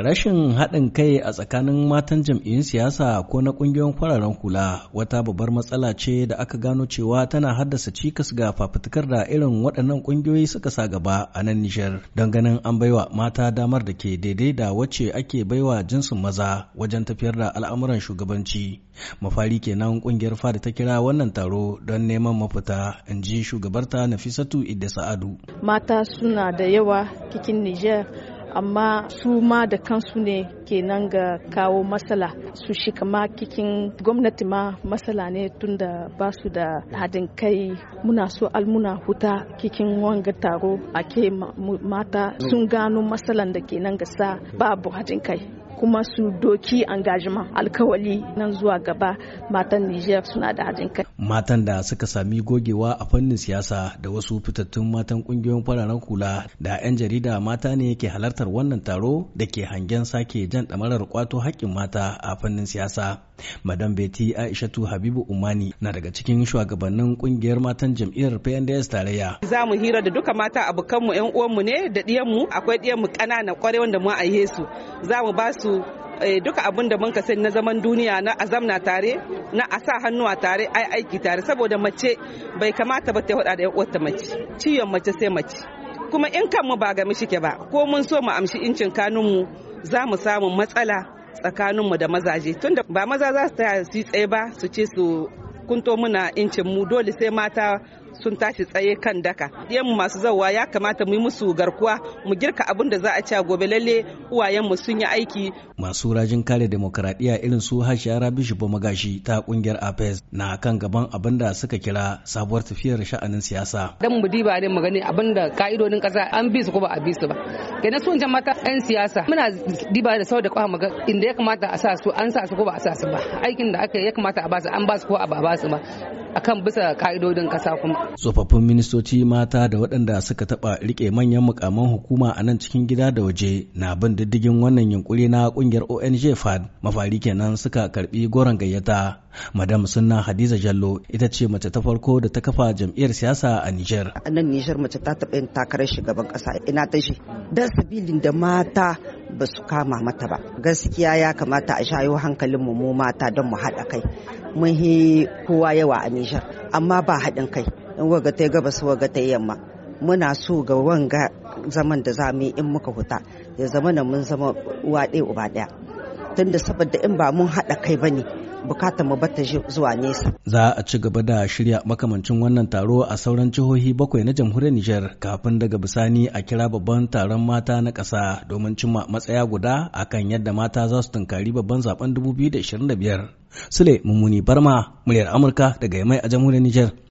Rashin haɗin kai a tsakanin matan jam'iyyun siyasa ko na ƙungiyoyin kwararen kula wata babbar matsala ce da aka gano cewa tana haddasa cikas ga fafutukar da irin waɗannan ƙungiyoyi suka sa gaba a nan Nijar don ganin an baiwa mata damar da ke daidai da wacce ake baiwa jinsin maza wajen tafiyar da al'amuran shugabanci. Mafari kenan ƙungiyar fada ta kira wannan taro don neman mafita in ji shugabarta Nafisatu Idda Sa'adu. Mata suna da yawa cikin Nijar amma su ma da kansu ne kenan ga kawo matsala su shika ma kikin gwamnati ma matsala ne tunda ba su da hadin kai muna so almuna huta kikin wanga taro ake mata sun gano matsalan da kenan ga sa babu hadin kai kuma su doki engagement alkawali nan zuwa gaba matan Niger suna da hajin kai. Matan da suka sami gogewa a fannin siyasa da wasu fitattun matan kungiyoyin fararen kula da 'yan jarida mata ne ke halartar wannan taro da ke hangen sake jan ɗamarar kwato haƙƙin mata a fannin siyasa. madam beti aishatu habibu umani na daga cikin shugabannin kungiyar matan jam'iyyar pnds tarayya za mu hira da duka mata abokanmu yan uwanmu ne da diyanmu akwai diyanmu ƙanana kwarai wanda mu aihe su za mu ba su eh, duka abin da muka sani na zaman duniya na azamna tare na a sa hannuwa tare ai aiki tare saboda mace bai kamata ba ta hada da wata mace ciwon mace sai mace kuma in kanmu ba ga mishike ba ko mun so mu amshi incin kanunmu za mu samu matsala tsakaninmu da mazaje tunda ba maza za su tsaye ba su ce su kunto muna incin mu dole sai mata sun tashi tsaye kan daka yan masu zawa ya kamata mu yi musu garkuwa mu girka abin da za a ci gobe lalle uwayen mu sun yi aiki masu rajin kare demokradiyya irin su Hashiya Rabi Shibo Magashi ta kungiyar APES na kan gaban abin da suka kira sabuwar tafiyar sha'anin siyasa dan mu diba ne mu gani abin da ka'idodin kasa an bi su ko ba a bi su ba kenan sun jama'a yan siyasa muna diba da sau da kwa ga inda ya kamata a sa su an sa su ko ba a sa su ba aikin da aka ya kamata a ba su an ba su ko a ba su ba akan bisa ka'idodin kasa kuma tsofaffin ministoci mata da waɗanda suka taɓa rike manyan mukaman hukuma a nan cikin gida da waje na bin diddigin wannan yunkuri na ƙungiyar ong fad mafari kenan suka karbi goron gayyata madam sunna hadiza jallo ita ce mace ta farko da ta kafa jam'iyyar siyasa a niger a nan niger mace ta taɓa yin takarar shugaban ƙasa ina ta shi don sabilin da mata ba su kama mata ba gaskiya ya kamata a shayo hankalin mu mata don mu haɗa kai mun kowa yawa a nijar amma ba haɗin kai in waga ta gabas waga ta yamma muna so ga wanga zaman da za mu in muka huta ya zama na mun zama uwa ɗaya uba ɗaya tunda saboda in ba mun haɗa kai ba ne bukatar mu bata zuwa nesa. Za a ci gaba da shirya makamancin wannan taro a sauran jihohi bakwai na jamhuriyar Nijar kafin daga bisani a kira babban taron mata na ƙasa domin cimma matsaya guda akan yadda mata za su tunkari babban zaben 2025. Sule Mummuni Barma, muryar Amurka daga Yamai a jamhuriyar Nijar.